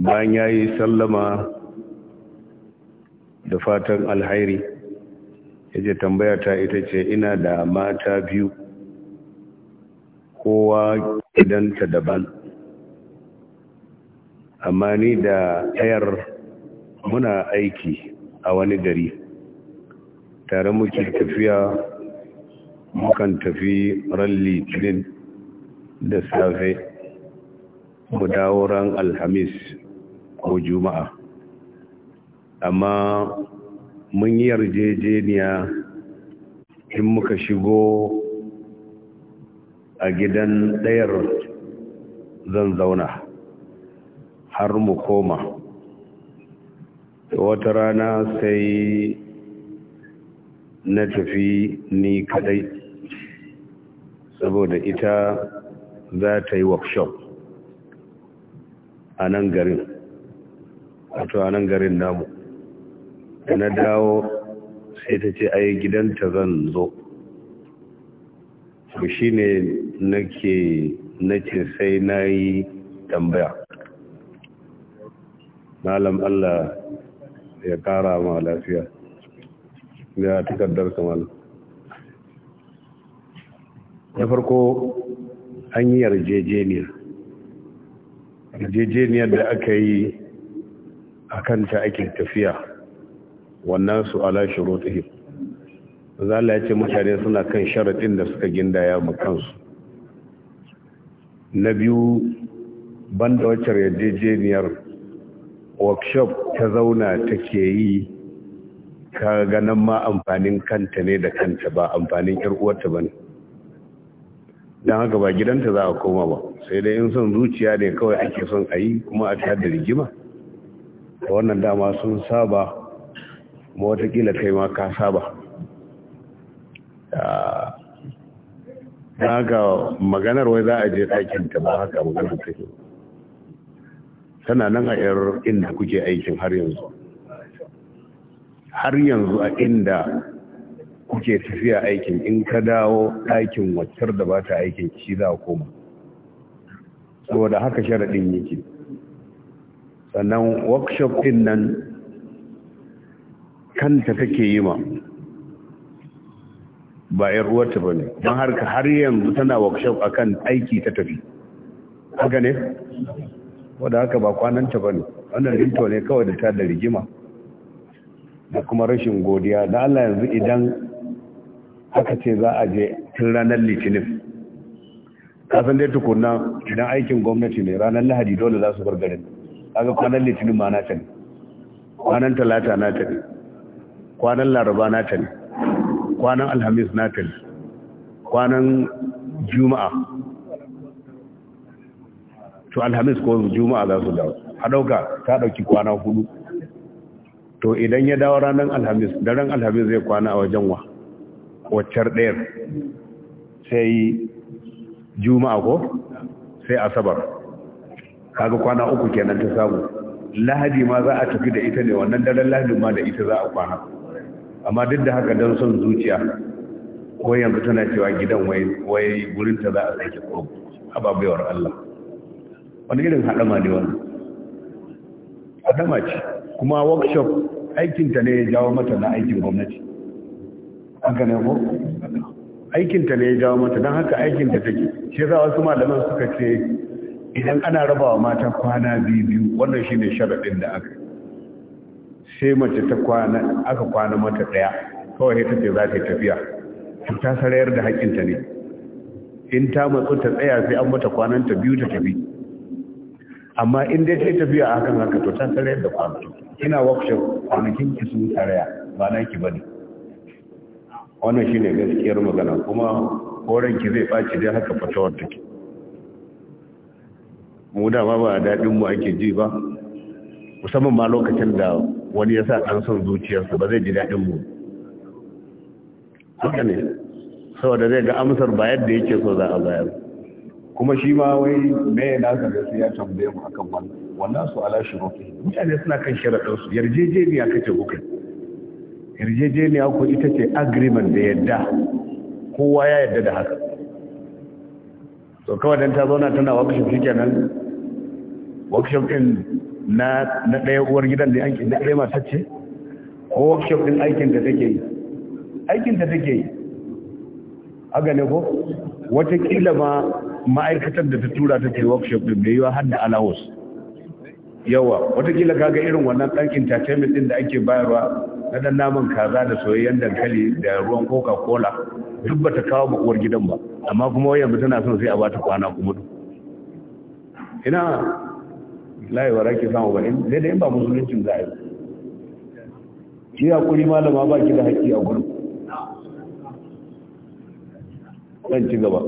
bayan ya yi sallama da fatan alhairi ya je tambaya ta ita ce ina da mata biyu kowa gidanta daban amma ni da ɗayar muna aiki a wani gari tare muke tafiya mukan tafi ran litinin da safe mu dawo ran alhamis ko juma'a amma mun yi yarjejeniya in muka shigo a gidan ɗayar zan zauna har mu koma wata rana sai na tafi ni kadai saboda ita za ta yi workshop a nan garin wato a nan garin namu da na dawo sai ta ce ai gidanta zan zo to shi ne nake sai na yi tambaya malam Allah ya kara ma lafiya ya takardar kamar Na farko an yi yarjejeniya yarjejeniyar da aka yi a kanta ake tafiya wannan su ala shurutihim zala ya ce mutane suna kan sharaɗin da suka gindaya mu kansu na biyu banda wacce yarjejeniyar workshop ta zauna take yi ka ganin ma amfanin kanta ne da kanta ba amfanin uwarta ba ne don haka ba gidanta za a koma ba sai dai in son zuciya ne kawai ake son a yi kuma a ta da rigima da wannan dama sun saba ma watakila kai ma ka saba na ga maganar wai za a je ɗakin ta ba haka maganar take tana nan a yar inda kuke aikin har yanzu har yanzu a inda kuke tafiya aikin in ka dawo ɗakin waccar da ba ta aikin shi za a koma saboda haka sharaɗin yake sannan workshop ɗin nan kanta take yi ma ba ‘yar uwarta ba ne don harka har yanzu tana workshop akan aiki ta tafi haka ne wadda haka ba kwananta ba ne wannan rinto ne kawai da ta da rigima da kuma rashin godiya da Allah yanzu idan aka ce za a je tun ranar litinin kasan dai tukuna idan aikin gwamnati ne ranar lahadi dole za su bar garin kaga kwanan litinin ma nata ne kwanan talata nata ne kwanan laraba nata ne kwanan alhamis nata ne kwanan juma'a to alhamis ko juma'a za su dawo a ɗauka ta ɗauki kwana hudu to idan ya dawo ranar alhamis daren alhamis zai kwana a wajen wa waccar ɗayar sai juma'a ko sai asabar kaga kwana uku kenan ta samu lahadi ma za a tafi da ita ne wannan daren lahadin ma da ita za a kwana amma duk da haka don son zuciya ko yanzu tana cewa gidan wai gurin ta za a sake ko ababewar Allah wani irin haɗama ne wannan haɗama ce kuma workshop aikinta ne ya jawo mata na aikin gwamnati haka ne ko aikinta ne ya jawo mata don haka aikinta take shi yasa wasu malaman suka ce idan ana rabawa mata kwana biyu biyu wannan shine sharaɗin da aka sai mace ta kwana aka kwana mata ɗaya kawai ta ce za ta yi tafiya ta sarayar da haƙƙinta ne in ta matsu ta tsaya sai an mata kwananta biyu ta tafi amma in dai ta yi tafiya a hakan haka to ta sarayar da kwanaki ina workshop kwanakin ki sun saraya ba na ki bane wannan shine gaskiyar magana kuma koren ki zai ɓaci dai haka wata ke. mu da ba a daɗin mu ake ji ba musamman ma lokacin da wani ya sa an son zuciyarsa ba zai ji daɗin mu haka ne saboda zai ga amsar ba yadda yake so za a bayar kuma shi ma wai me na ka sai ya tambaye mu akan wannan wannan su ala shuruki mutane suna kan sharadin su yarjejeniya kace ku kai yarjejeniya ko ita ce agreement da yadda kowa ya yadda da haka to kawai dan ta zauna tana wakashin shi kenan workshop din na na ɗaya uwar gidan da yankin na ɗaya masu ce ko workshop din aikin da take yi aikin da take yi a ne ko watakila ma ma'aikatar da ta tura ta ce workshop din da yi wa har da alawus yawa watakila kaga irin wannan ɗan entertainment din da ake bayarwa na ɗan naman kaza da soyayyen dankali da ruwan coca-cola duk ba ta kawo makuwar gidan ba amma kuma yanzu tana son sai a ba ta kwana kuma ina layewar ake samu ba sai da yin ba musuluncin za a yi ya kuri malama ba ki da haƙƙi a gudu ɗan ci gaba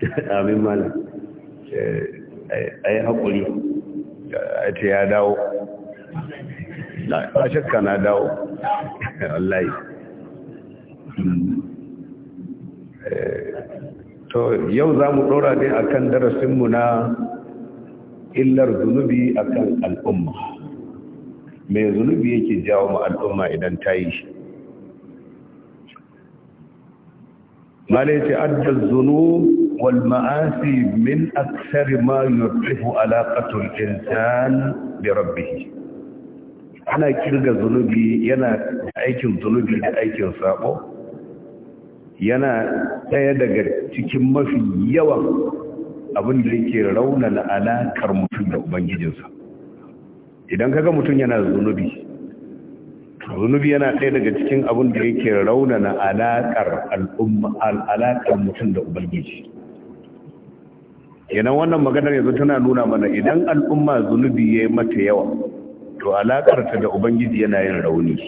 amin malam eh, eh, a yi haƙuri a ce ya dawo ba shakka na dawo wallahi eh, to yau za mu ɗora ne a kan darasinmu na illar zunubi akan al'umma mai zunubi yake jawo ma al'umma idan ta yi shi malai ce adda zunu wal ma'asi min aksari ma yurfihu alaƙatul insan bi rabbihi ana kirga zunubi yana aikin zunubi da aikin sabo yana ɗaya daga cikin mafi yawan abin da yake raunana alaƙar mutum da ubangijinsa idan kaga mutum yana zunubi zunubi yana ɗaya daga cikin abin da yake raunana alaƙar alakar mutum da ubangiji yanan wannan maganar yanzu tana nuna mana idan al'umma zunubi ya yi mata yawa to alaƙar ta da ubangiji yana yin rauni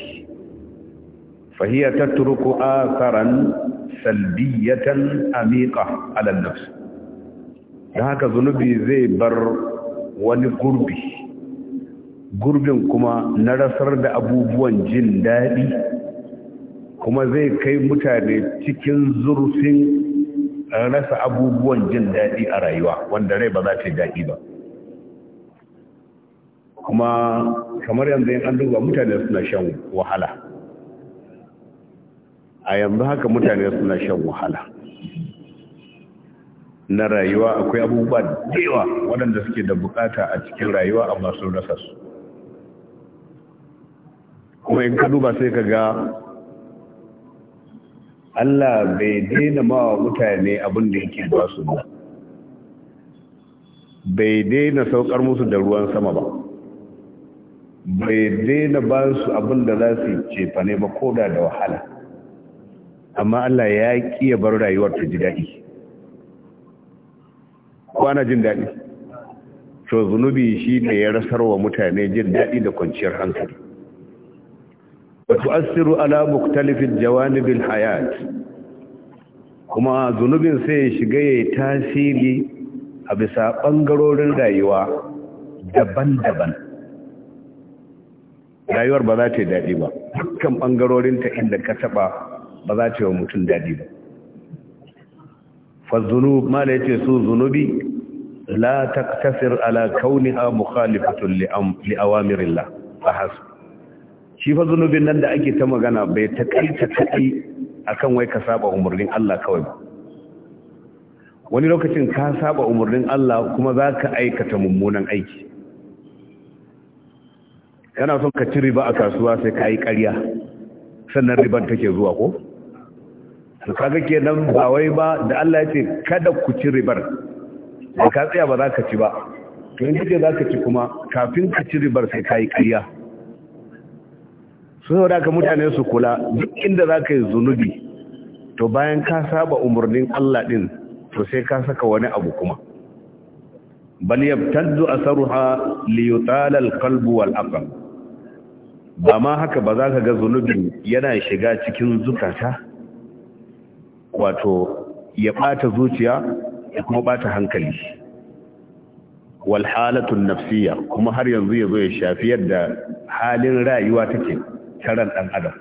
fahiyar ruku asaran salbiyatan amiƙa alal nafsu da haka zunubi zai bar wani gurbi gurbin kuma na rasar da abubuwan jin daɗi kuma zai kai mutane cikin zurfin rasa abubuwan jin daɗi a rayuwa wanda rai ba za ta yi daɗi ba kuma kamar yanzu yin an duba mutane suna shan wahala a yanzu haka mutane suna shan wahala na rayuwa akwai abubuwa da yawa waɗanda suke da bukata a cikin rayuwa amma sun rasa su kuma in ka duba sai ka ga Allah bai daina ma mutane abin da yake ba su ba bai daina saukar musu da ruwan sama ba bai daina ba su abin da za su cefane ba koda da wahala amma Allah ya ƙi ya rayuwar ta ji daɗi kwana jin daɗi to zunubi shi ne ya rasar wa mutane jin daɗi da kwanciyar hankali Ba wato asiru ala muktalifin jawanibin hayat kuma zunubin sai ya shiga ya yi tasiri a bisa ɓangarorin rayuwa daban-daban rayuwar ba za ta yi daɗi ba dukkan ɓangarorinta inda ka taɓa ba za ta yi wa mutum daɗi ba فالذنوب ما لا سو ذنوبي لا تقتصر على كونها مخالفه لاوامر الله فحسب shi fa zunubin nan da ake ta magana bai ta kai akan wai ka saba umarnin Allah kawai ba wani lokacin ka saba umarnin Allah kuma zaka aikata mummunan aiki kana son ka ci riba a kasuwa sai ka yi ƙarya sannan riban take zuwa ko to kaga kenan ba wai ba da Allah ya ce kada ku ci ribar da ka tsaya ba za ka ci ba to in kace za ka ci kuma kafin ka ci ribar sai kai ƙarya sun da ka mutane su kula duk inda za ka yi zunubi to bayan ka saba umarnin Allah ɗin, to sai ka saka wani abu kuma bal yabtaddu asaruha li yutala alqalbu wal aqal ba ma haka ba za ka ga zunubin yana shiga cikin zukata wato ya ɓata zuciya ya kuma bata hankali wal halatun nafsiyya kuma har yanzu yazo ya shafi yadda halin rayuwa take taron dan adam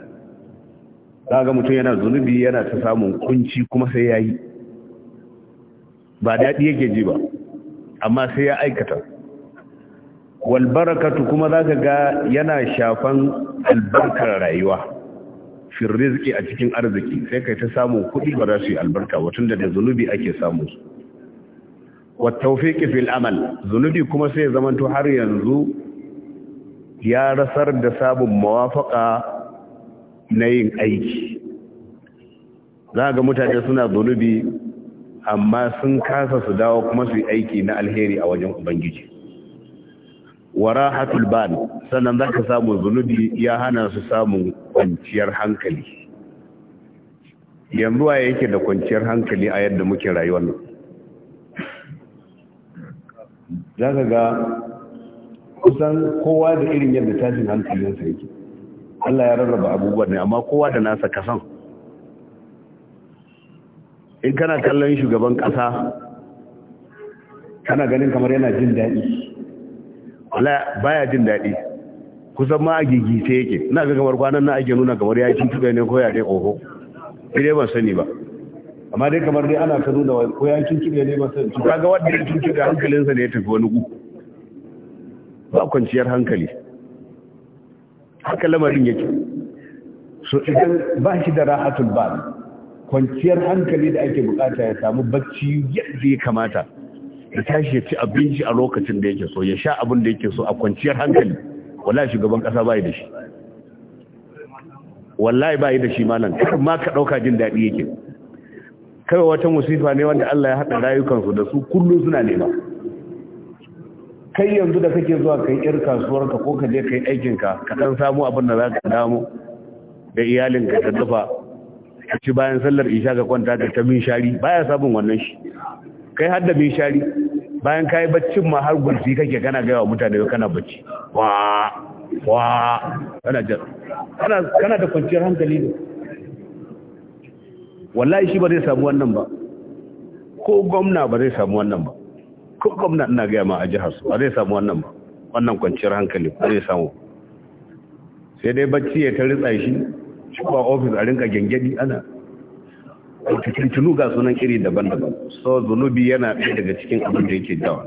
ga mutum yana zunubi yana ta samun kunci kuma sai yayi ba dadi yake ji ba amma sai ya aikata wal barakatu kuma zaka ga yana shafan albarkar rayuwa firre zuke a cikin arziki sai kai ta samu kuɗi ba za su yi albarka watan da zunubi ake samu su wa tawfiqi fil amal zunubi kuma sai zamanto har yanzu ya rasar da sabon mawafaka na yin aiki za ga mutane suna zunubi amma sun kasa su dawo kuma su yi aiki na alheri a wajen ubangiji Wara rahatul ban sannan zaka samu zunubi ya hana su samun kwanciyar hankali yanzu waye yake da kwanciyar hankali a yadda muke rayuwar nan zaka ga kusan kowa da irin yadda tashin hankalinsa yake Allah ya rarraba abubuwan ne amma kowa da nasa kasan in kana kallon shugaban kasa kana ganin kamar yana jin daɗi baya jin daɗi kusan ma a gigice yake na ga kamar kwanan na ake nuna kamar ya yi tuntuɓe ne ko ya dai ƙoho ire ban sani ba amma dai kamar dai ana ka nuna ko ya yi tuntuɓe ne ban sani ka ga wanda ya tuntuɓe hankalinsa ne ya tafi wani gu ba kwanciyar hankali haka lamarin yake so idan ba shi da rahatul ba kwanciyar hankali da ake bukata ya samu bacci yadda ya kamata ya tashi ya ci abinci a lokacin da yake so ya sha abin da yake so a kwanciyar hankali wallahi shugaban kasa bai da shi wallahi bai da shi malam kar ma ka dauka jin dadi yake kai wata musifa ne wanda Allah ya hada rayukan su da su kullun suna nema kai yanzu da kake zuwa kai ir kasuwar ka ko ka je kai aikin ka ka dan samu abin da zaka damu da iyalin ka ta dafa ci bayan sallar isha ga kwanta ka ta min shari baya sabon wannan shi kai har da shari bayan kayi baccin ma har gurfi kake kana gaya wa mutane kana bacci wa wa kana da kana kana da kwanciyar hankali ne wallahi shi ba zai samu wannan ba ko gwamna ba zai samu wannan ba ko gwamna ina gaya ma a jihar su ba zai samu wannan ba wannan kwanciyar hankali ba zai samu sai dai bacci ya ta ritsa shi shi ba ofis a rinka gengedi ana tuntunu ga sunan iri daban-daban so zunubi yana ɗaya daga cikin abin da yake dawa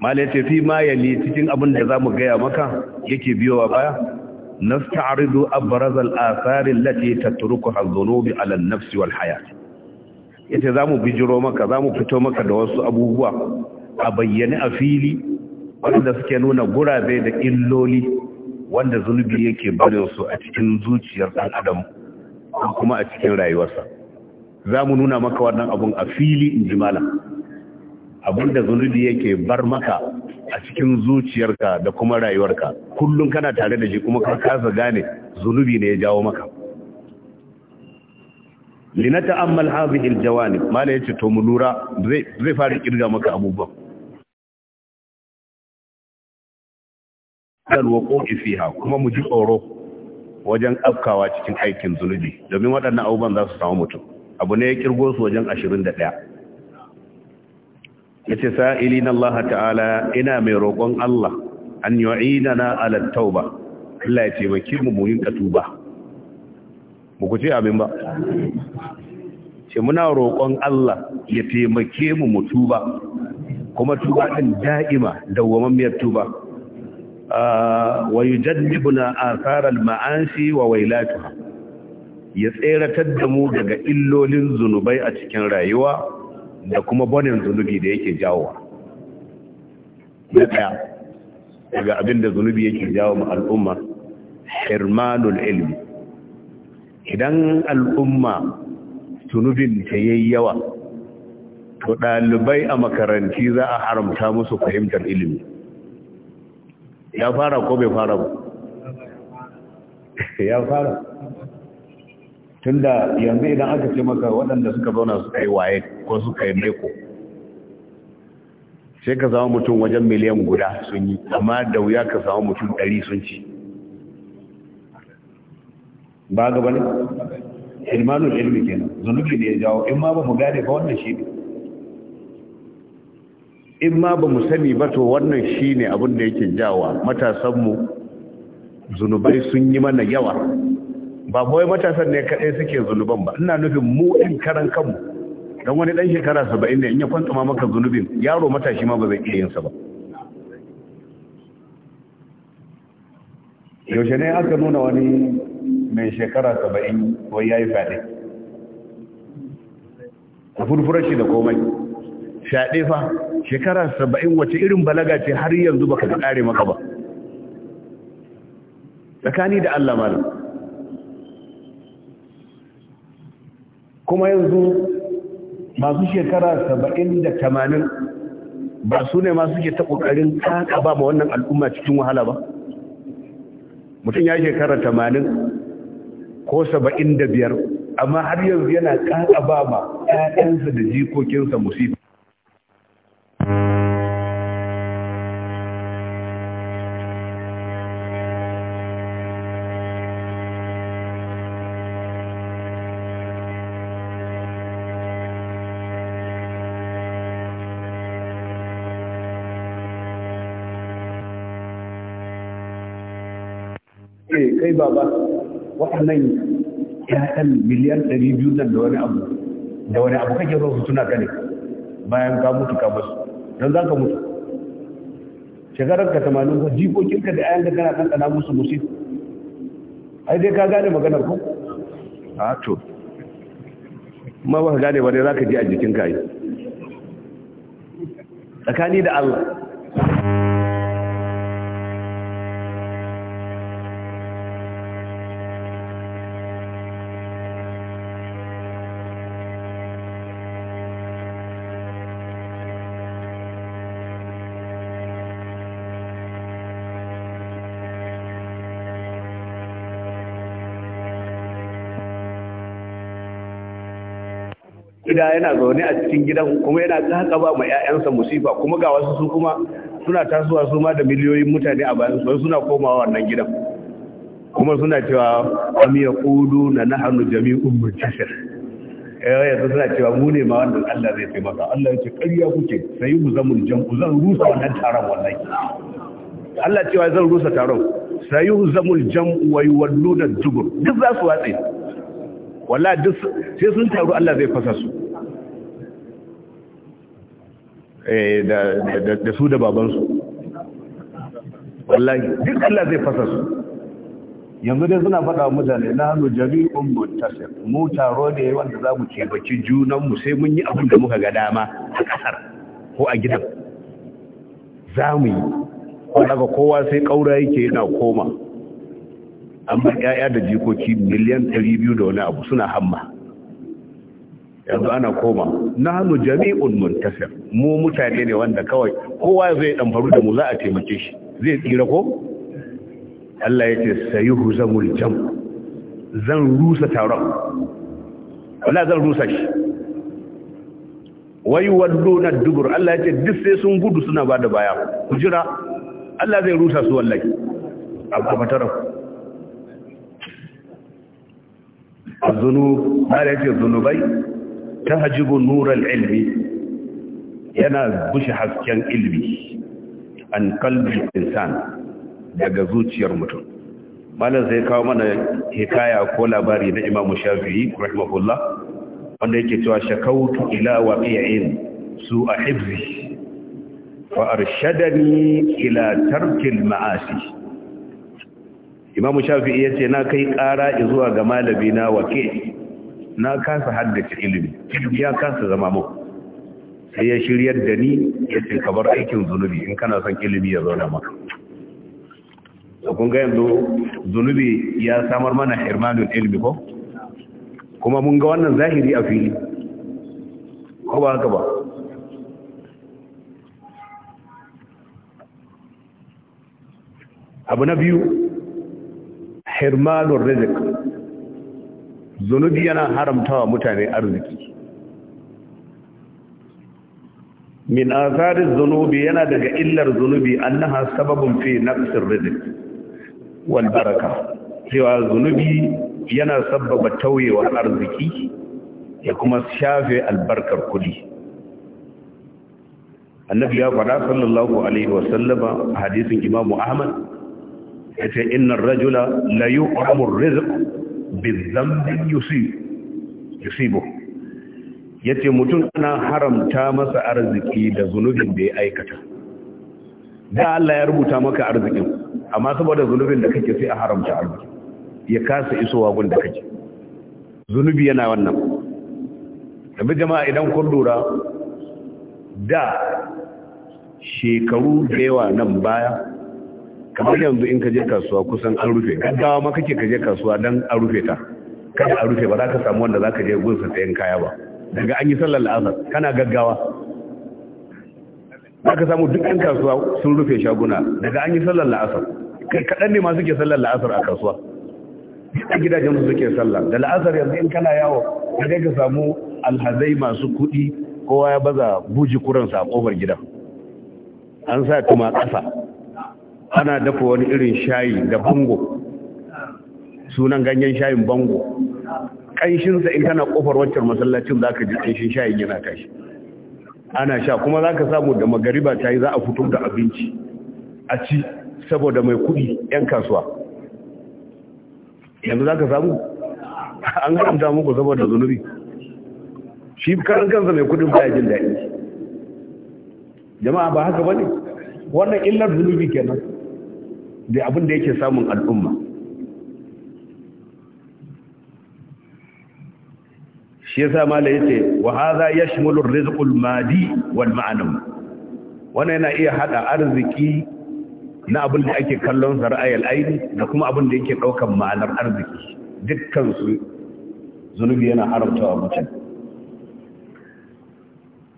malai ce fi ma yali cikin abin da za mu gaya maka yake biyowa baya Na nasta'ridu abraz asarin lati ta tatruku az-zunubi 'ala an wal hayat yace za mu bijiro maka za mu fito maka da wasu abubuwa a bayyane a fili wanda suke nuna gurabe da illoli wanda zunubi yake barin su a cikin zuciyar ɗan adam kuma a cikin rayuwarsa za mu nuna maka wannan abun a fili in ji malam abinda zunubi yake bar maka a cikin zuciyarka da kuma rayuwarka kullum kana tare da shi kuma ka kasa gane zunubi ne ya jawo maka linata ammal hadhihi aljawani mala yace to mu lura zai fara kirga maka abubuwan dal wuqu'i fiha kuma mu ji tsoro wajen afkawa cikin aikin zunubi domin waɗannan abubuwan za su samu mutum abu ne ya kirgo su wajen 21 Sa'ili na Allah ta'ala ina mai roƙon Allah an na ala ba, Allah ya taimake mu mu yinka tuba mu ce abin ba ce muna roƙon Allah ya taimake mu mu tuba kuma tuba ɗin da'ima miyar tuba ah, wa yujaddibuna a tsarar ma'ansi wa wailatuha ya tseratar da mu daga illolin zunubai a cikin rayuwa da kuma bonin zunubi da yake jawowa na daga abin da zunubi yake jawo ma al'umma hirmanul ilmi idan al'umma zunubin ta yayi yawa to ɗalibai a makaranti za a haramta musu fahimtar ilimi ya fara ko bai fara ba ya fara tunda yanzu idan aka ce maka waɗanda suka zauna suka yi waye ko suka yi meko sai ka zama mutum wajen miliyan guda sun yi amma da wuya ka samu mutum ɗari sun ci ba gaba ne ilmanul ilmi kenan zunubi ne ya jawo in ma ba mu gane ba wannan shi ne in ma ba mu sani ba to wannan shi ne abin da yake jawa matasanmu zunubai sun yi mana yawa ba kawai matasan ne kaɗai suke zunuban ba ina nufin mu in karan kanmu don wani ɗan shekara saba'in ne in ya kwantuma maka zunubin yaro matashi ma ba zai iya yinsa ba yaushe ne aka nuna wani mai shekara saba'in wai ya yi fyaɗe a furfurar shi da komai fyaɗe fa shekara saba'in wace irin balaga ce har yanzu baka da ƙare maka ba tsakani da allah malam kuma yanzu masu shekara saba'in da tamanin ba su ne masu ke ta ƙoƙarin ƙaƙa ba ma wannan al'umma cikin wahala ba mutum ya shekara tamanin ko saba'in da biyar amma har yanzu yana ƙaƙa ba ma ƙaƙansa da jikokinsa musibi kai baba waɗannan ƴaƴan miliyan ɗari biyu nan da wani abu da wani abu kake zo su tuna ka ne bayan ka mutu ka basu don za ka mutu shekarar ka tamanin ko jikokinka da ayan da kana ɗanɗana musu musu ai dai ka gane maganar ku a to ma ba ka gane ba dai za ka ji a jikin kayi tsakani da Allah gida yana zaune a cikin gidan kuma yana haka ba ma 'ya'yansa musifa kuma ga wasu su kuma suna tasowa su ma da miliyoyin mutane a bayan su suna komawa wannan gidan kuma suna cewa am yaqulu na nahnu jami'un muntashir eh yanzu suna cewa mu ne ma wannan Allah zai taimaka Allah yake ƙarya kuke sai mu zamul jam'u zan rusa wannan taron wallahi Allah cewa zan rusa taron sai zamul jam'u wa yuwalluna dubur duk za su watsi wallahi duk sai sun taru Allah zai fasa su Eh, da su da babansu wallahi duk Allah zai fasa su yanzu dai suna faɗa mutane na hannu jami'un muntasir mu taro ne wanda za mu kebaci junanmu sai mun yi abin da muka ga dama a ƙasar ko a gidan za mu yi daga kowa sai ƙaura yake yana koma amma 'ya'ya da jikoki miliyan 200 da wani abu suna hamma yanzu ana koma hannu jami'un muntasir mu mutane ne wanda kawai kowa zai dan faru da mu za a taimake shi zai tsira ko Allah ya ce sayuhu zamul jam zan rusa taron wala zan rusa shi wai walluna dubur Allah ya ce duk sai sun gudu suna bada baya ku jira Allah zai rusa su wallahi abu ba taron zunubai ta hajibu nuran ilmi yana bushe hasken ilmi an kalbi insan daga zuciyar mutum malam zai kawo mana hikaya ko labari na imam shafi'i rahimahullah wanda yake cewa shakautu ila waqi'in su a hibzi fa arshadani ila tarkil ma'asi imam shafi'i yace na kai ƙara zuwa ga malami na waqi' na kasa haddace ilimi ya kasa zama mu sai ya shiryar da ni ya ce ka bar aikin zunubi in kana son ilimi ya zauna maka da kun ga yanzu zunubi ya samar mana hirmanul ilmi ko kuma mun ga wannan zahiri a fili ko ba haka ba abu na biyu hirmanul rizq zunubi yana haramtawa mutane arziki min azarin zunubi yana daga illar zunubi annaha sababin fi na rizq wal baraka cewa zunubi yana sababa tauyewar arziki ya kuma shafe albarkar kudi annabi ya faɗa sallallahu alaihi wasallama hadisin imamu ahmad ya yace innar rajula la yu'amu rizq bizambin yusibu ya ce mutum ana haramta masa arziki da zunubin da ya aikata da Allah ya rubuta maka arzikin amma saboda zunubin da kake sai a haramta arziki ya kasa isowa gun da kake zunubi yana wannan tabi jama'a idan kun lura da shekaru da yawa nan baya kamar yanzu in ka je kasuwa kusan an rufe gaggawa ma kake ka je kasuwa dan an rufe ta kada a rufe ba za ka samu wanda za ka je gunsa sayan kaya ba daga an yi sallar la'asar kana gaggawa za ka samu duk 'yan kasuwa sun rufe shaguna daga an yi sallar la'asar kai kaɗan ne ma suke sallar la'asar a kasuwa a gidajen su suke sallar da la'asar yanzu in kana yawo ka kai ka samu alhazai masu kuɗi kowa ya baza buji kuransa a ƙofar gidan an sa tuma ƙasa ana dafa wani irin shayi da bango sunan ganyen shayin bango ƙanshinsa in kana ƙofar wancan masallacin za ka ji ƙanshin shayin yana tashi ana sha kuma za ka samu da magariba ta yi za a fito da abinci a ci saboda mai kuɗi 'yan kasuwa yanzu za ka samu an haramta muku saboda zunubi shi karan kansa mai kuɗin baya jin daɗi jama'a ba haka ba ne wannan illar zunubi kenan da abin da yake samun al'umma shi yasa mala yace wa hadha yashmulu ar-rizqul madi wal ma'nawi wannan yana iya hada arziki na abin da ake kallon sa aini da kuma abin da yake daukan ma'anar arziki dukkan zunubi yana haramtawa mutum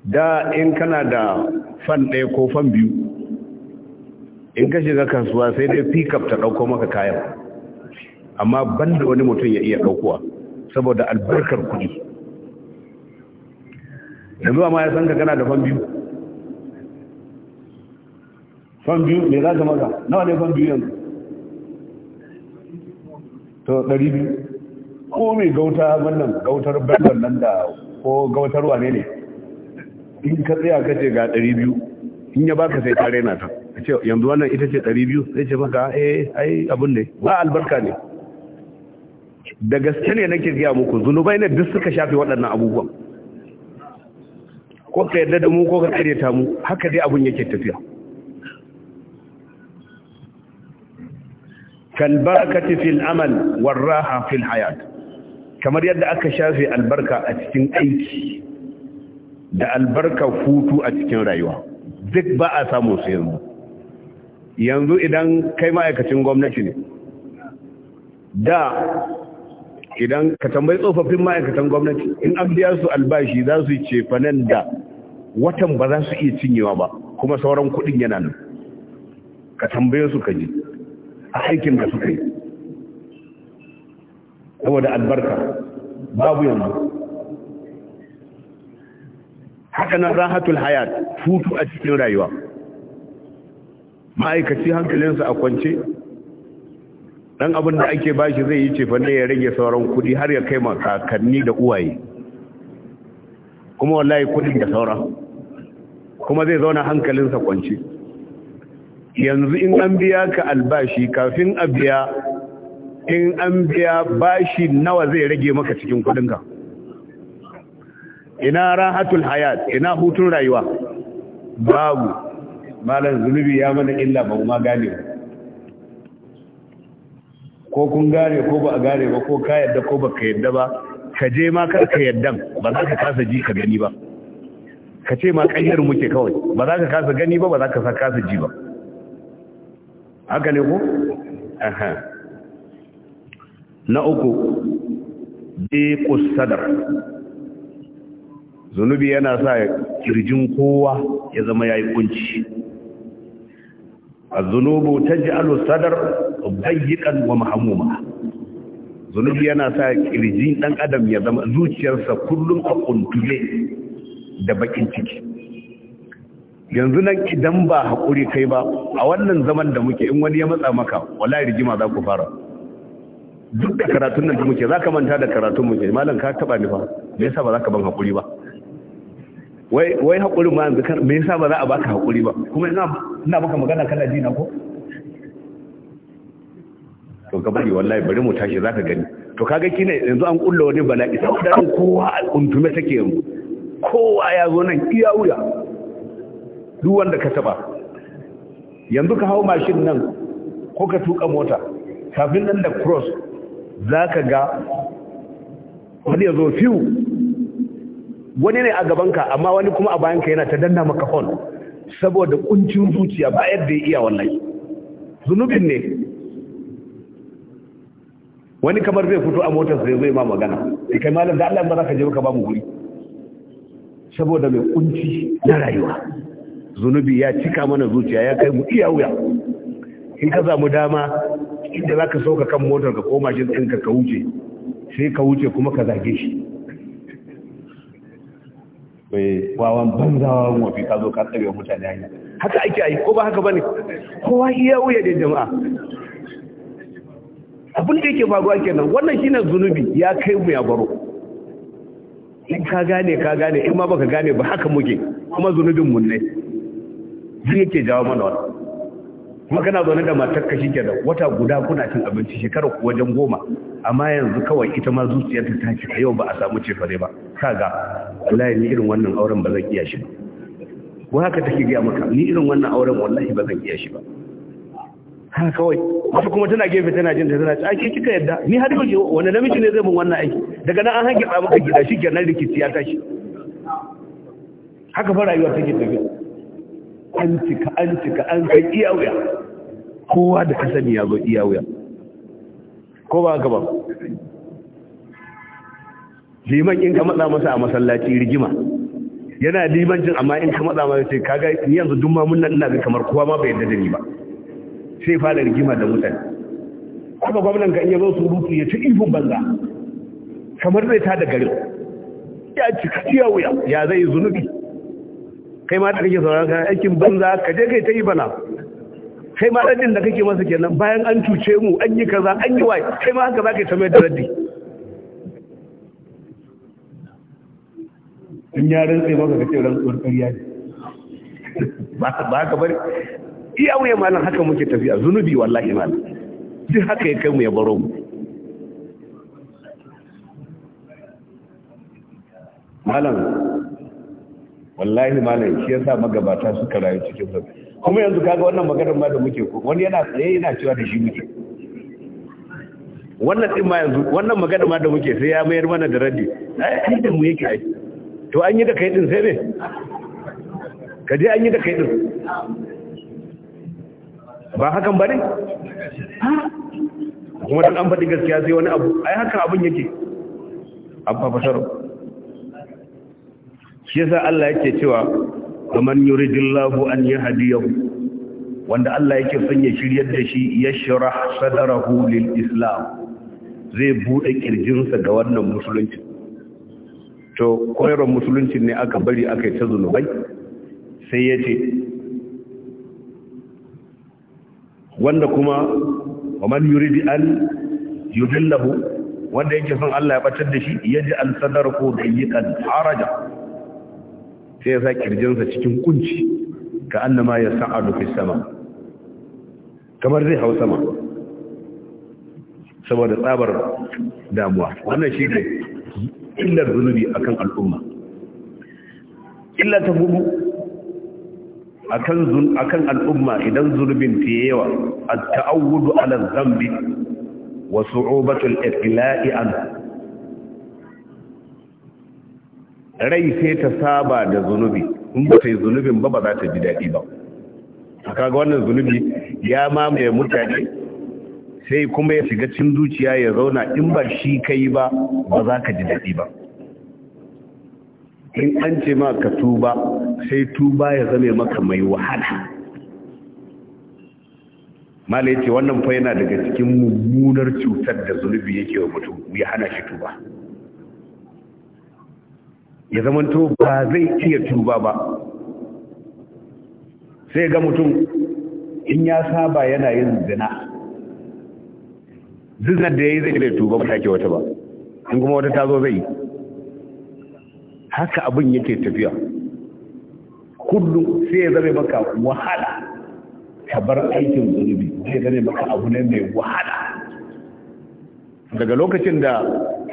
da in kana da fan ɗaya ko fan biyu in ka shiga kasuwa sai dai pickup ta dauko maka kayan amma banda wani mutum ya iya daukowa saboda albarkar kudi yanzu amma ya san ka kana da fan biyu fan biyu me za ka maza nawa ne fan biyu yanzu to ɗari biyu ko mai gauta wannan gautar bandar nan da ko gautar ne ne in ka tsaya ka ce ga ɗari biyu in ya baka sai tare raina ta ce yanzu wannan ita ce 200 zai ce maka eh ai abun ne ba albarka ne da gaske ne nake gaya muku zunubai ne duk suka shafe waɗannan abubuwan ko ka yarda da mu ko ka ta mu haka dai abun yake tafiya Kan barakati fil amal warraha fil hayat kamar yadda aka shafe albarka a cikin aiki da albarka hutu a cikin rayuwa duk ba a samu su yanzu yanzu idan kai ma'aikacin gwamnati ne da idan ka tambayi tsofaffin ma'aikatan gwamnati in an biya su albashi za su yi cefanen da watan ba za su iya cinyewa ba kuma sauran kudin yana nan ka tambaye su ka a aikin da suka yi saboda albarka babu yanzu haka nan rahatul hayat hutu a cikin rayuwa ma'aikaci hankalinsa a kwance Ɗan abin da ake bashi zai yi ce ya rage sauran kudi har ya kai kakanni da uwaye kuma wallahi kudin da saura kuma zai zauna hankalinsa kwance yanzu in an biya ka albashi kafin a biya in an biya bashi nawa zai rage maka cikin kudinka ina rahatul hayat ina hutun rayuwa babu malar zunubi ya mana illa ba ma gane ba ko kun gane ko ba a gane ba ko ka yadda ko ba ka yadda ba ka je ma kar ka yaddan ba za ka kasa ji ka gani ba ka ce ma ƙayyar muke kawai ba za ka kasa gani ba ba za ka kasa ji ba haka ne ko? aha na uku ɗeƙus sadar zunubi yana sa kirjin kowa ya zama ya yi kunci الذنوب تجعل الصدر ضيقا ومحموما wa يانا سا yana sa kirji يا adam ya zama zuciyarsa kullum a kuntule da bakin ciki yanzu nan idan ba hakuri kai ba a wannan zaman da muke in wani ya matsa maka wallahi rigima za ku fara duk da karatun nan da muke za ka manta da karatun muke malam ka taba ni fa me yasa ba za ka ban hakuri ba wai wai hakuri ma yanzu kan me yasa ba za a baka hakuri ba kuma ina ina maka magana kana dina ko to ka bari wallahi bari mu tashi zaka gani to kaga kine yanzu an kulla wani bala'i saboda kowa al'untume take yanzu kowa ya zo nan iya wuya duk wanda ka taba yanzu ka hau mashin nan ko ka tuka mota kafin nan da cross zaka ga wani ya zo fiw wani ne a gabanka amma wani kuma a bayanka yana ta danna maka hon saboda kuncin zuciya ba yadda ya iya wallahi zunubin ne wani kamar zai fito a motar sai zai ma magana sai kai malam da Allah ba za ka je ka ba mu guri saboda mai kunci na rayuwa zunubi ya cika mana zuciya ya kai mu iya wuya in ka samu dama inda za ka sauka kan motar ka koma shi tsinka ka wuce sai ka wuce kuma ka zage shi kai eh, wawan banzawa mafi ka zo ka tsabe mutane hanyar haka ake yi ko ba haka bane kowa iya wuya da jama'a abin da yake faruwa kenan wannan shine zunubi ya kai mu ya baro in ka gane ka gane in ma baka gane ba haka muke kuma zunubin mun ne zai yake jawo mana wata. kuma kana zaune da matarka shi da wata guda kuna cin abinci shekara ku wajen goma amma yanzu kawai ita ma zuciyarta ta ce a yau ba a samu cefare ba kaga wallahi ni irin wannan auren ba zan iya shi ba ko haka take gaya maka ni irin wannan auren wallahi ba zan iya shi ba haka kawai wata kuma tana gefe tana jin da, tana ce ake kika yadda ni har yau wani namiji ne zai mun wannan aiki daga nan an hange tsamaka gida shi kenan rikici ya tashi haka fa rayuwa take tafiya an cika an cika an kai iya wuya kowa da ka sani ya zo iya wuya ko ba gaba liman in ka matsa masa a masallaci rigima yana limancin amma in ka matsa masa sai kaga ni yanzu duma mun nan ina ga kamar kowa ma bai yadda da ni ba sai fara rigima da mutane kuma gwamnan ka in ya zo surutu ya ci ifin banza kamar zai ta da garin ya ci iya wuya ya zai zunubi kai ma da kake sauran kana aikin banza ka je kai ta yi bana kai ma raddin da kake masa kenan bayan an cuce mu an yi kaza an yi wai kai ma haka za ka yi ta mai da raddi in ya rantse maka ka ce rantsuwar ƙarya ne ba haka bari iya wuya malam haka muke tafiya zunubi wallahi malam duk haka ya kai mu ya baro mu malam wallahi malam shi yasa magabata suka rayu cikin sa kuma yanzu kaga wannan maganar ma da muke ko wani yana tsaye yana cewa da shi muke wannan din ma yanzu wannan maganar ma da muke sai ya mayar mana da radi ai da mu yake ai to an yi da kai din sai ne ka je an yi da kai din ba hakan bane kuma dan an faɗi gaskiya sai wani abu ai haka abun yake an fa fasaro shi yasa Allah yake cewa kaman yuridillahu an yahdiyahu wanda Allah yake son ya shiryar da shi yashrah sadrahu lil islam zai bude sa ga wannan musulunci to koyarwar musulunci ne aka bari aka yi ta zunubai sai yace wanda kuma kaman yuridi an yudillahu wanda yake son Allah ya batar da shi yaji al sadrahu dayyikan haraja sai ya sa kirjinsa cikin kunci ga annama ya sa'adu fi sama kamar zai hau sama saboda tsabar damuwa wannan shi ne illar zunubi akan al'umma illa ta hudu akan akan al'umma idan zulubin fiye yawa at-ta'awudu ala dhanbi wa su'ubatu al-iqla'i anhu rai sai ta saba da zunubi in ba ta yi zunubin ba ba za ta ji daɗi ba kaga wannan zunubi ya mamaye mutane sai kuma ya shiga cin zuciya ya zauna in ba shi kai ba ba za ka ji daɗi ba in an ce ma ka tuba sai tuba ya zame maka mai wahala mala ya ce wannan fa yana daga cikin mummunar cutar da zunubi yake wa mutum ya hana shi tuba ya zamanto ba zai iya tuba ba sai ga mutum in ya saba yana yin zina zinar da ya yi zai iya tuba ba take wata ba in kuma wata tazo zai haka abin yake tafiya kullum sai ya zame maka wahala ka bar aikin zunubi sai ya zame maka abu ne mai wahala daga lokacin da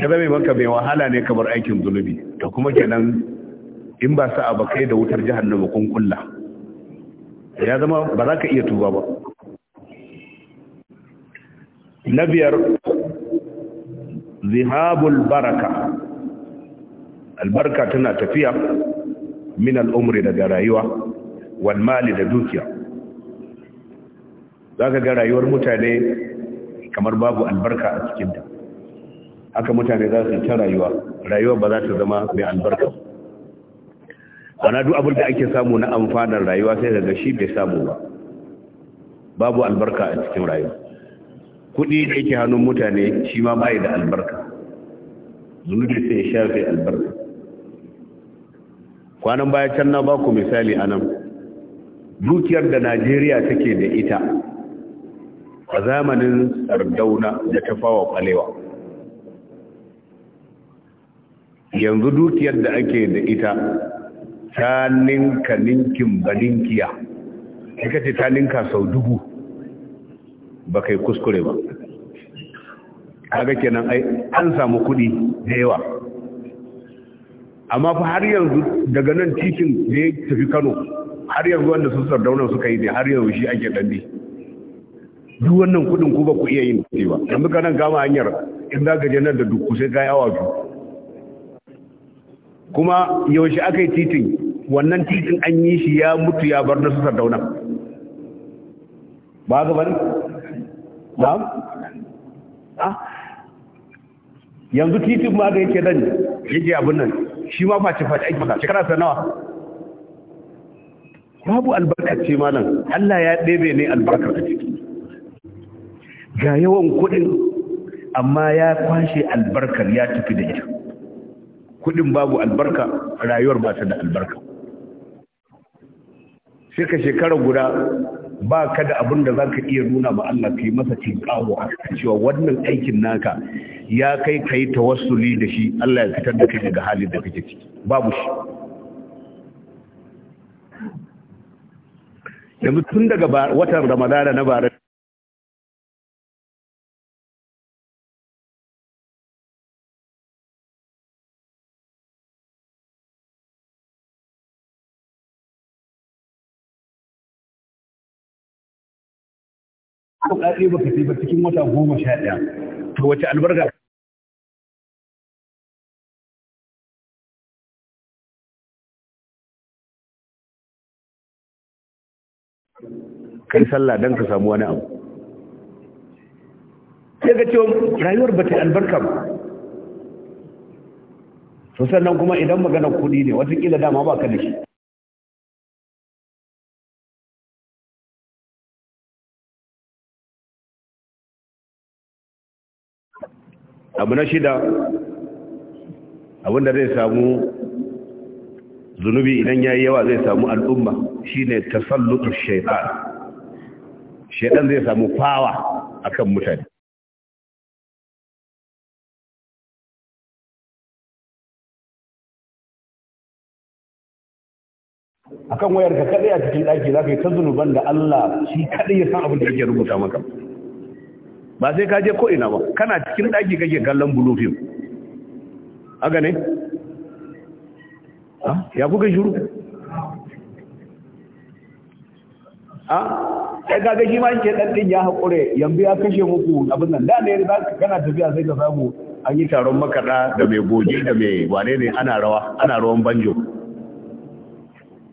ta zame maka mai wahala ne kamar aikin zunubi da kuma kenan in ba ba abakai da wutar jihar kun kulla ya zama ba za ka iya tuba ba na biyar zihabul baraka albarka tana tafiya min al'umri daga rayuwa wal mali da dukiya za ka ga rayuwar mutane kamar babu albarka a cikinta haka mutane za su ta rayuwa rayuwa ba za ta zama mai albarka ana duk abin da ake samu na amfanar rayuwa sai daga shi bai samu ba babu albarka a cikin rayuwa kuɗi da yake hannun mutane shi ma bai da albarka zunubi sai ya shafe albarka kwanan baya can na ba ku misali a nan dukiyar da najeriya take da ita a zamanin sardauna da tafawa kwalewa yanzu dukiyar da ake da ita ta ninka ninkin baninkiya ita ce ta ninka sau dubu ba kai kuskure ba kaga kenan ai an samu kuɗi da yawa amma fa har yanzu daga nan titin da ya tafi kano har yanzu wanda sun sardaunar suka yi ne har yanzu shi ake ɗanɗi duk wannan kuɗin ku ba ku iya yin ba yanzu ka nan gama hanyar in za ka je nan da duk sai ka yi awa kuma yaushe aka yi titin wannan titin an yi shi ya mutu ya bar nasu sardauna ba ga bari? ba? yanzu titin ma da yake nan yake abin nan shi ma face-face aiki maka shekara ta nawa babu ma nan. Allah ya ɗebe ne albarkar a ciki ga yawan kuɗin amma ya kwashe albarkar ya tafi da ita kudin babu albarka rayuwar ba ta da albarka sai ka shekara guda ba ka da abin da za ka iya nuna ma Allah ka yi masa tinkawo a cewa wannan aikin naka ya kai ka yi tawassuli da shi Allah ya fitar da kai daga halin da kake ciki babu shi yanzu tun daga watan ramadana na bara daɗe ba baka sai ba cikin wata goma sha ɗaya to wace albarka kai sallah don ka samu wani abu sai ga cewa rayuwar ba ta albarka ba to sannan kuma idan magana kuɗi ne watakila dama ba ka da shi abu na shida abinda zai samu zunubi idan ya yi yawa zai samu al'umma shine tasallutu shaitan shaitan zai samu fawa akan mutane akan wayar ka kadai a cikin daki ka yi ta zunuban da Allah shi kadai ya san abin da yake rubuta maka ba sai ka je ko'ina ba kana cikin daki kake kallon blue film haka ne ah, ya kuka shiru ah, a ma ke dan ya haƙure yanzu ya kashe muku abin nan da ne za kana tafiya sai ka samu an yi taron makaɗa da mai goge da mai wane ne ana rawa ana rawan banjo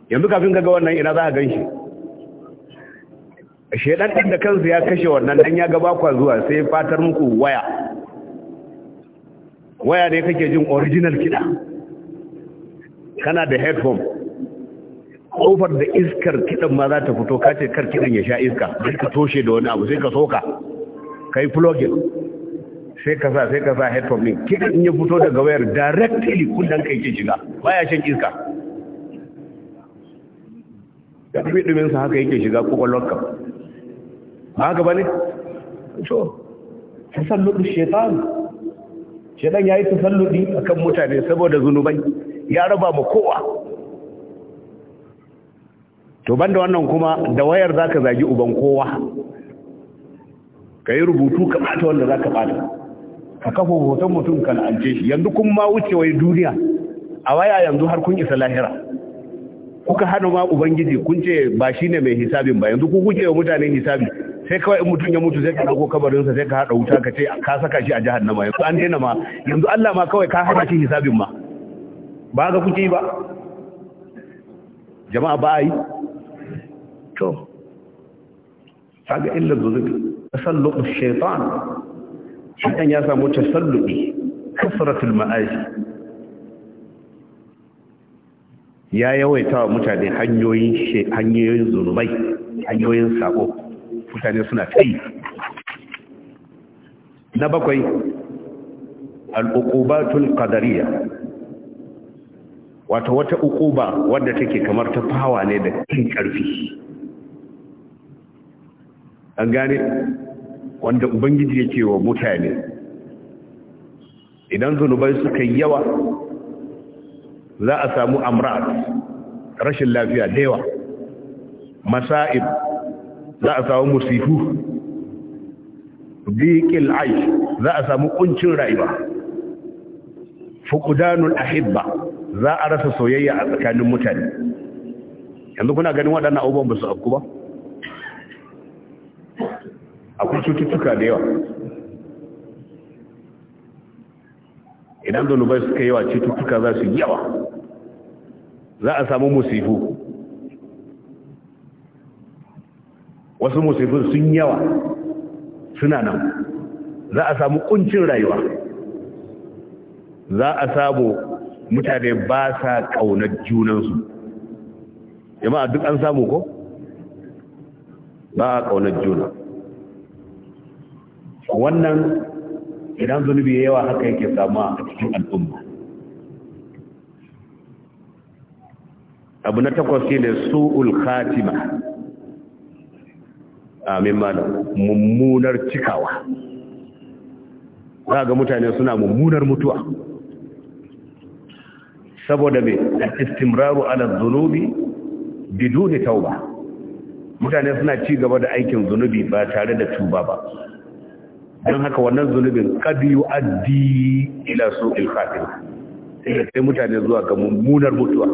yanzu kafin ka ga wannan ina za a gan shi shaidan ɗin da kansu ya kashe wannan dan ya ga kwa zuwa sai fatar muku waya waya ne kake jin original kiɗa kana da headphone kofar da iskar kiɗan ma za ta fito kace kar kiɗan ya sha iska sai ka toshe da wani abu sai ka soka ka yi plugin sai ka sa sai ka sa headphone ɗin kiɗan in ya fito daga wayar directly kullum ka ke shiga baya shan iska da ɗumi-ɗuminsa haka yake shiga ƙwaƙwalwarka ba haka ba ne? so tasalludin shaitan shaitan ya yi tasalludi a kan mutane saboda zunubai ya raba ma kowa to ban da wannan kuma da wayar za ka zagi uban kowa ka yi rubutu ka ɓata wanda za ka ɓata ka kafa hoton mutum kan alce shi yanzu kun ma wuce wai duniya a waya yanzu har kun isa lahira kuka hana ma ubangiji kun ce ba shi ne mai hisabin ba yanzu ku kuke wa mutane hisabi sai kawai in mutum ya mutu sai ka dauko kabarinsa sai ka hada wuta ka ce ka saka shi a jahannama yanzu an daina ma yanzu Allah ma kawai ka hana shi hisabin ma ba ga kuke ba jama'a ba yi to kaga illa zuzubi tasalluq shaytan dan ya samu tasallubi kasratul ma'asi ya yawaita wa mutane hanyoyin hanyoyin zunubai hanyoyin sako mutane suna tsayi na bakwai al'uqubatul tun wato wata uquba wadda take kamar ta fawa ne da cin karfi an gane wanda ubangiji yake wa mutane idan zunubai suka yi yawa za a samu amra rashin lafiya da yawa masa'ib za a samu musifu biqil aish za a samu kuncin rayuwa fuqdanul ahibba za a rasa soyayya a tsakanin mutane yanzu kuna ganin waɗannan abubuwan ba su ba akwai cututtuka da yawa idan zunubai suka wa cututtuka za su yawa za a samu musifu wasu musifin sun yawa suna nan za a samu kuncin rayuwa za a samu mutane ba sa ƙaunar junansu jama'a duk an samu ko ba a ƙaunar juna wannan idan zunubi ya yawa haka yake samuwa a cikin al'umma abu na takwas shi ne su'ul khatima amin malam mummunar cikawa za ga mutane suna mummunar mutuwa saboda mai istimraru ala zunubi biduni tauba mutane suna ci gaba da aikin zunubi ba tare da tuba ba don haka wannan zunubin yi addi ila su khatima sai ya sai mutane zuwa ga mummunar mutuwa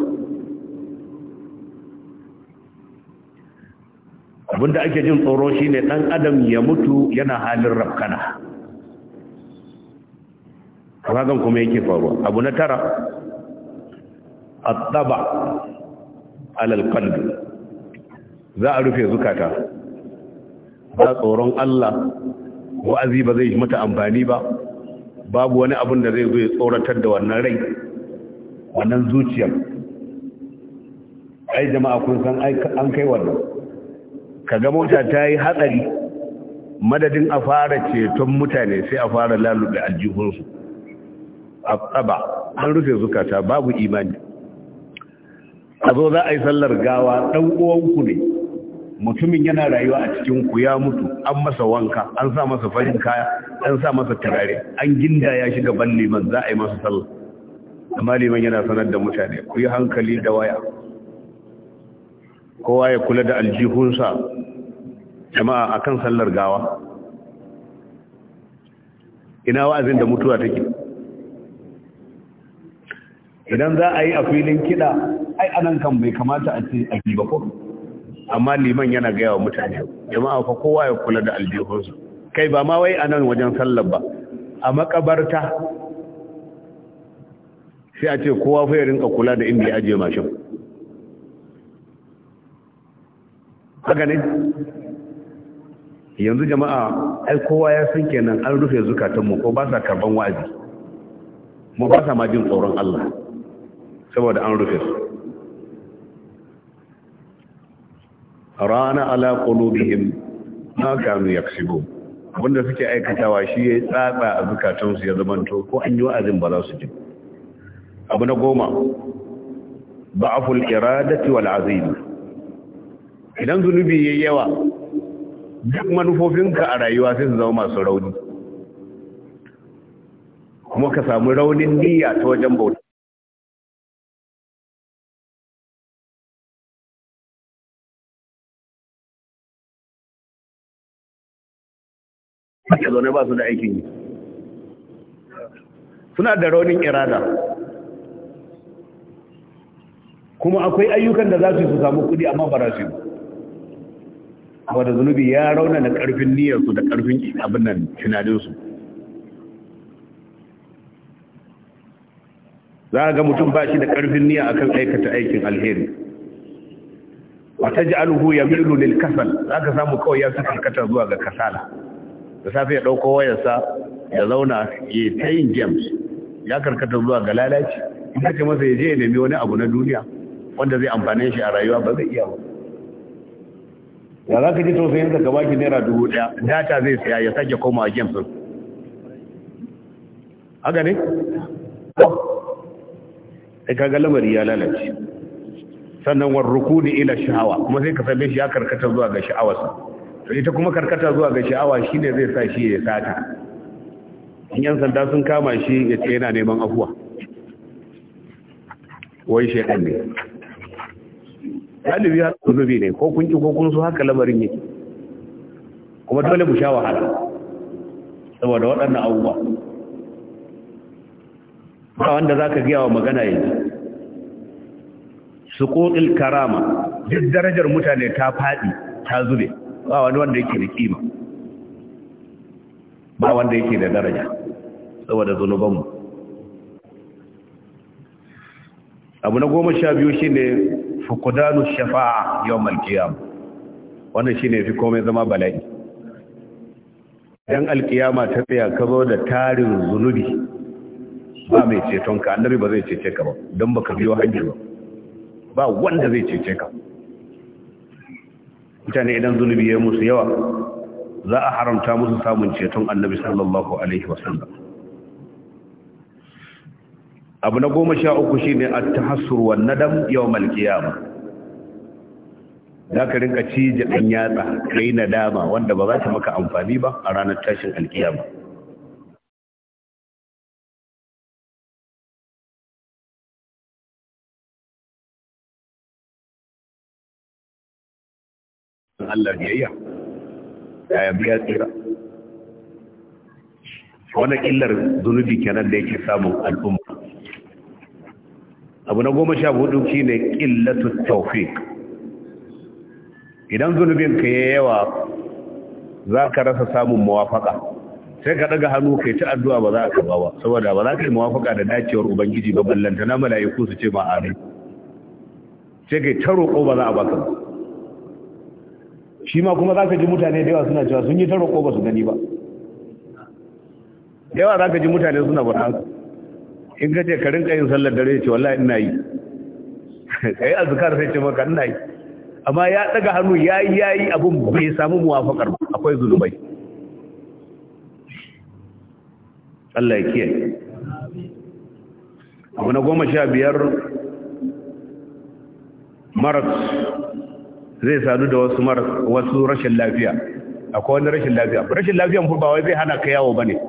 abinda ake jin tsoro ne ɗan adam ya mutu yana halin rafkana hakan kuma yake faruwa abu na tara at-taba ala za a rufe zukata ba tsoron Allah wa'azi ba zai mata amfani ba babu wani abin da zai zo ya tsoratar da wannan rai wannan zuciyar ai jama'a kun san an kai wannan Ka ga mota ta yi hatsari madadin a fara ceton mutane sai a fara lalube aljihunsu a tsaba an rufe zukata babu imani a zo za a yi sallar gawa ɗan uwanku ne mutumin yana rayuwa a cikin ku ya mutu an masa wanka an sa masa farin kaya an sa masa turare an ginda ya shiga ban liman za a yi masa sallah amma liman yana sanar da mutane ku yi hankali da waya kowa ya kula da aljihunsa jama'a akan sallar gawa ina wa'azin da mutuwa take idan za a yi a filin kiɗa ai anan kan bai kamata a ce a ba ko amma liman yana gaya wa mutane jama'a fa kowa ya kula da aljihunsu kai ba ma wai a nan wajen sallar ba a makabarta sai a ce kowa fa ya rinka kula da inda ya ajiye mashin haka ne yanzu jama'a ai kowa ya san kenan an rufe zukatanmu ko ba sa karban wa'azi mu ba sa ma jin tsoron Allah saboda an rufe su rana ala qulubihim ma kanu yaksubu wanda suke aikatawa shi ya tsatsa a zukatun su ya zamanto ko an yi wa'azin ba za su ji abu na goma ba'ful iradati wal azim idan zunubi yayi yawa duk manufofinka a rayuwa sai su zama masu rauni kuma ka samu raunin niyya ta wajen bauta suke zaune ba su da aikin yi suna da raunin irada kuma akwai ayyukan da za su yi su samu kudi amma ba su ba zunubi ya rauna da ƙarfin niyyarsu da ƙarfin abin nan tunaninsu za a ga mutum ba shi da ƙarfin niyya akan aikata aikin alheri wata ji alhu ya milu lil kasal za ka samu kawai ya su karkata zuwa ga kasala da safe ya ɗauko wayarsa ya zauna ya ta yin games ya karkata zuwa ga lalaci In ce masa ya je ya nemi wani abu na duniya wanda zai amfane shi a rayuwa ba zai iya ba da za ka ji tausayin ka gaba ki naira dubu ɗaya data zai saya ya sake koma a games din haka ne? sai ga lamari ya lalace sannan warruku rukuni ila sha'awa kuma sai ka same shi ya karkata zuwa ga sha'awarsa to ita kuma karkata zuwa ga sha'awa shine zai sa shi ya sata in yan sanda sun kama shi ya ce yana neman afuwa wai shaidan ne galibi har zubi ne ko kun ko kun su haka lamarin yake kuma dole mu sha wahala saboda waɗannan abubuwa ba wanda za ka magana wa magana yanzu ƙoƙil karama duk darajar mutane ta faɗi ta zube ba wani wanda yake da kima ba wanda yake da daraja saboda zunubanmu abu na goma sha biyu shi ne fukudanu shafa'a yau malkiyam wannan shi ne fi komai zama bala'i ɗan alkiyama ta tsaya ka zo da tarin zunubi ba mai ceton ka annabi ba zai cece ka ba don baka biyo hanyar ba ba wanda zai cece ka mutane idan zunubi ya musu yawa za a haramta musu samun ceton annabi sallallahu alaihi wasallam abu na goma sha uku shi ne a ta nadam yau malkiyama za ka rinka cije ɗan yatsa kai nadama wanda ba za ta maka amfani ba a ranar tashin alkiyama manzon Allah biyayya ya biya tsira Wani illar zunubi kenan da yake samun al'umma abu na goma sha hudu shi ne ƙillatu taufik idan zunubin ka yi yawa za ka rasa samun mawafaka sai ka daga hannu kai ci ta addu'a ba za a kaba ba saboda ba za ka yi mawafaka da dacewar ubangiji ba ballanta na mala'iku su ce ma'ari sai ka yi ta roƙo ba za a baka ba shi ma kuma za ka ji mutane da yawa suna cewa sun yi tarwa ko ba su gani ba yawa za ka ji mutane suna faɗa in ka ce ka rinka yin sallar dare ce wallahi ina yi kai azkar sai ce maka ina yi amma ya daga hannu yayi yayi abun bai samu muwafakar ba akwai zulubai Allah ya kiyaye abu na goma sha biyar marat zai sadu da wasu mar wasu rashin lafiya akwai wani rashin lafiya rashin lafiyan ba wai zai hana ka yawo bane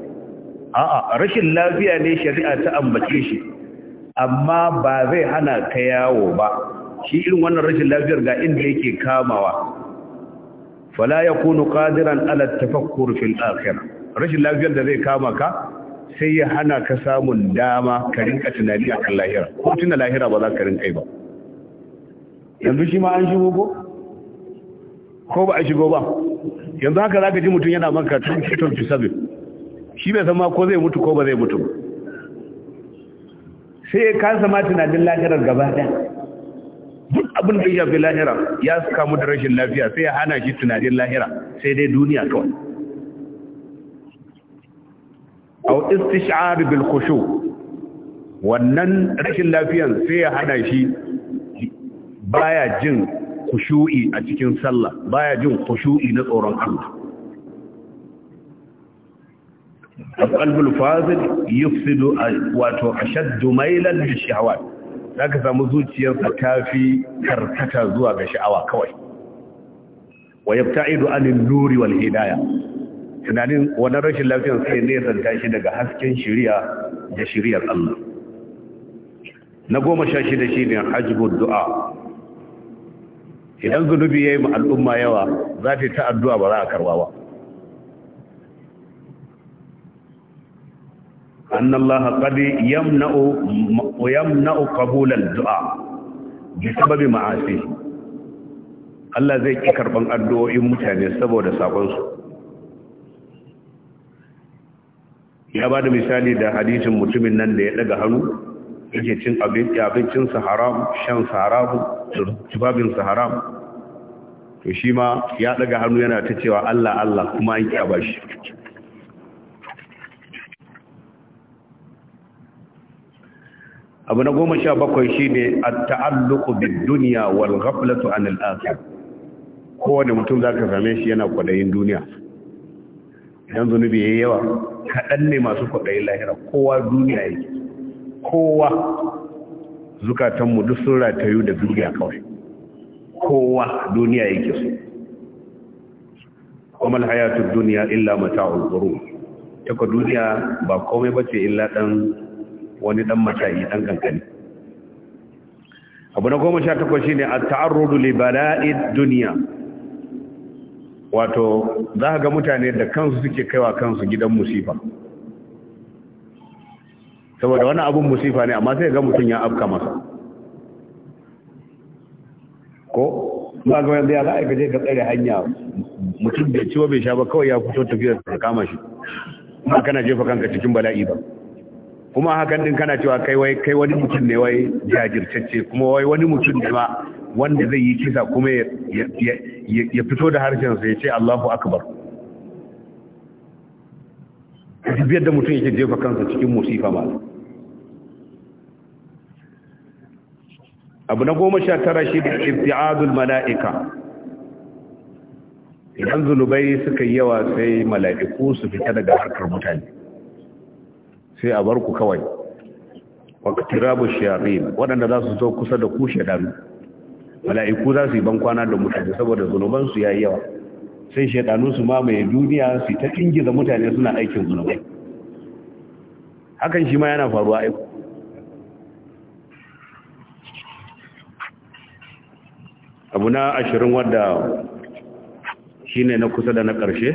a'a rashin lafiya ne shari'a ta ambace shi amma ba zai hana ka yawo ba shi irin wannan rashin lafiyar ga inda yake kamawa fala yakunu qadiran ala tafakkur fil akhirah rashin lafiyar da zai kama ka sai ya hana ka samun dama ka rinka tunani akan lahira ko tuna lahira ba za ka rinka yi ba yanzu shi ma an shigo ko ko ba a shigo ba yanzu haka za ka ji mutum yana maka 27 shi bai zama ko zai mutu ko ba zai mutu sai ya kasa ma tunanin lahirar gaba ɗaya duk abin da ya fi lahira ya kamu da rashin lafiya sai ya hana shi tunanin lahira sai dai duniya kawai au istishar bil khushu wannan rashin lafiyan sai ya hana shi baya jin Kushu'i a cikin sallah baya jin kushu'i na tsoron Allah al-qalbul fazil yufsidu wato ashaddu mailan lishahawat zaka samu zuciyarsa tafi karkata zuwa ga sha'awa kawai wa yabta'idu anil nuri wal hidayah tunanin wannan rashin lafiyar sai ne zanta shi daga hasken shari'a da shari'ar Allah na goma sha shida shine hajjibul du'a idan zunubi ya yi ma al'umma yawa za ta yi ta’addu’a ba za a karwa ba أن الله قد يمنع ويمنع du’a الدعاء sababi ma’asi Allah zai ƙi karban addu'o'in mutane saboda sakonsu ya ba da misali da hadisin mutumin nan da ya daga hannu yake cin abincinsa haram shansa haram tubabinsa haram to shi ma ya daga hannu yana ta cewa Allah Allah kuma an kyaba shi abu na goma sha bakwai shi ne a ta'alluku bin duniya wal gafilatu an al'asa kowane mutum za ka same shi yana kwadayin duniya idan zunubi ya yi yawa kaɗan ne masu kwadayin lahira kowa duniya yake kowa zukatanmu duk sun ratayu da duniya kawai kowa duniya yake so kuma hayatu duniya illa mata'ul ghurur yaka duniya ba komai bace illa dan wani dan matayi dan kankani abu na goma sha takwas shine at-ta'arrudu li bala'id dunya wato za ga mutane da kansu suke kaiwa kansu gidan musifa saboda wani abun musifa ne amma sai ga mutum ya afka masa ko ba ga wanda ya za a gaje ka tsare hanya mutum bai ciwo bai sha ba kawai ya fito tafiya ta kama shi ba kana jefa kanka cikin bala'i ba kuma hakan din kana cewa kai wai kai wani mutum ne wai jajirtacce kuma wai wani mutum ne ma wanda zai yi kisa kuma ya fito da harshen sa ya ce Allahu akbar duk da mutum yake jefa kansa cikin musifa ba abu na goma sha tara shi da ibti'adul mala'ika idan zunubai suka yi yawa sai mala'iku su fita daga harkar mutane sai a bar ku kawai Rabu shayatin waɗanda za su zo kusa da ku shedanu mala'iku za su yi bankwana da mutane saboda zunubansu ya yi yawa sai shaidanu su mamaye duniya su ta ingiza mutane suna aikin zunubai hakan shi ma yana faruwa aiki. abu na ashirin wadda shi ne na kusa da na ƙarshe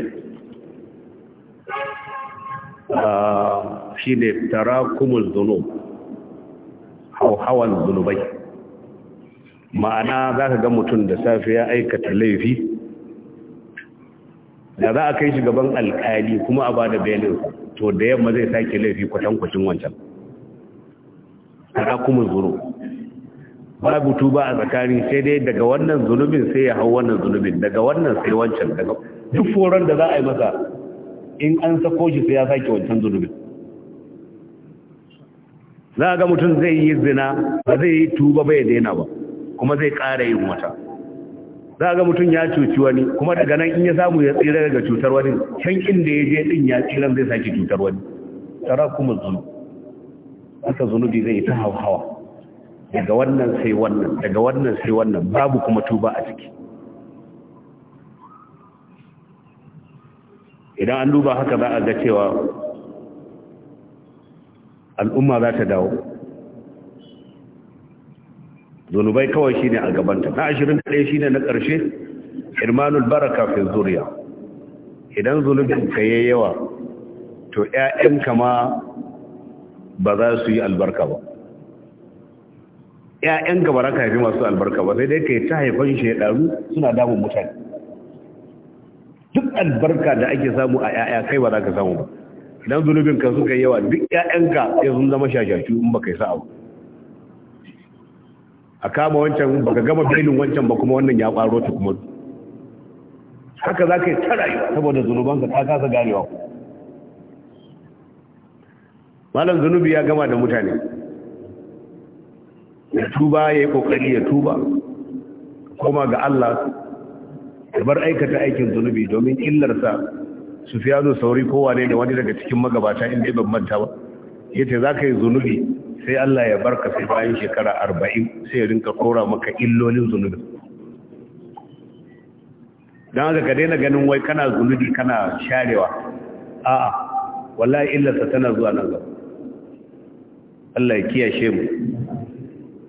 shi ne tara kumul zunub hauhawan zunubai ma'ana za ka ga mutum da safe ya aikata laifi da za a kai shi gaban alkali kuma a ba da belin to da yamma zai sake laifi kwatankwacin wancan kada kuma zuru babu tuba a tsakani sai dai daga wannan zunubin sai ya hau wannan zunubin daga wannan sai wancan daga duk foran da za a yi masa in an sako shi sai ya sake wancan zunubin za a ga mutum zai yi zina ba zai yi tuba bai daina ba kuma zai ƙara yin wata za ga mutum ya cuci wani kuma daga nan in ya samu ya tsira daga cutar wani can inda ya je din ya tsira zai sake cutar wani tara kuma zunu aka zunubi zai ta hawa daga wannan sai wannan daga wannan sai wannan babu kuma tuba a ciki idan an duba haka za a ga cewa al'umma za ta dawo zunubai kawai shine a gabanta na 21 shine na ƙarshe irmanul baraka fi zuriya idan zulubin ka yayi yawa to ƴaƴanka ma ba za su yi albarka ba ƴaƴanka ba za ka haifi masu albarka ba sai dai ka yi ta haifan ɗaru suna damun mutane duk albarka da ake samu a ƴaƴa kai ba za ka samu ba idan zulubin ka suka yi yawa duk ka sai sun zama shashashu in ba kai sa'a ba a kama wancan baka gama filin wancan ba kuma wannan ya ƙwaro ta kuma haka za ka yi ta rayuwa saboda zunubanka ta kasa ganewa malam zunubi ya gama da mutane ya tuba ya yi ƙoƙari ya tuba koma ga Allah ya bar aikata aikin zunubi domin illarsa su fiya zo sauri kowa ne da wani daga cikin magabata inda ban manta ba yace za ka yi zunubi sai Allah ya barka sai bayan shekara arba'in sai ya rinka kora maka illolin zunubi. don haka ka daina ganin wai kana zunubi kana sharewa a'a wallahi illarsa tana zuwa nan gaba Allah ya kiyashe mu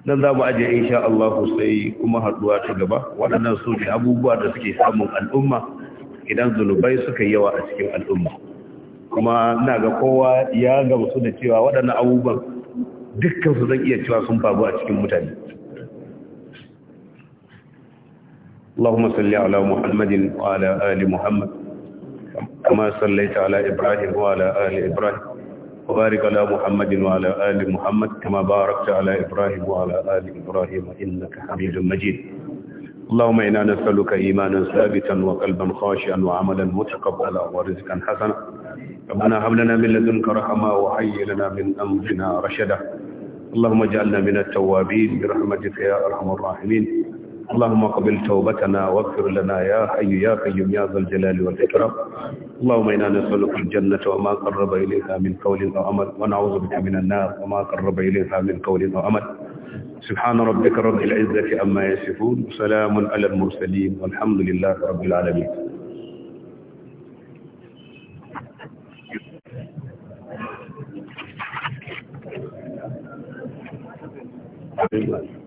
dan za mu ajiye insha Allah sai kuma haɗuwa ta gaba waɗannan su ne abubuwa da suke samun al'umma idan zunubai suka yawa a cikin al'umma kuma na ga kowa ya gamsu da cewa waɗannan abubuwan dukkan su zan iya cewa sun faru a cikin mutane اللهم صل على محمد وعلى آل محمد كما صليت على إبراهيم وعلى آل إبراهيم وبارك على محمد وعلى آل محمد كما باركت على إبراهيم وعلى آل إبراهيم إنك حميد مجيد اللهم إنا نسألك إيمانا ثابتا وقلبا خاشعا وعملا متقبلا ورزقا حسنا ربنا هب لنا من لدنك رحمة وهيئ لنا من أمرنا رشدا اللهم اجعلنا من التوابين برحمتك يا أرحم الراحمين اللهم قبل توبتنا واغفر لنا يا حي يا قيوم يا ذا الجلال والإكرام اللهم إنا نسألك الجنة وما قرب إليها من قول أو عمل ونعوذ بك من النار وما قرب إليها من قول أو عمل سبحان ربك رب العزة عما يصفون وسلام على المرسلين والحمد لله رب العالمين Thank you.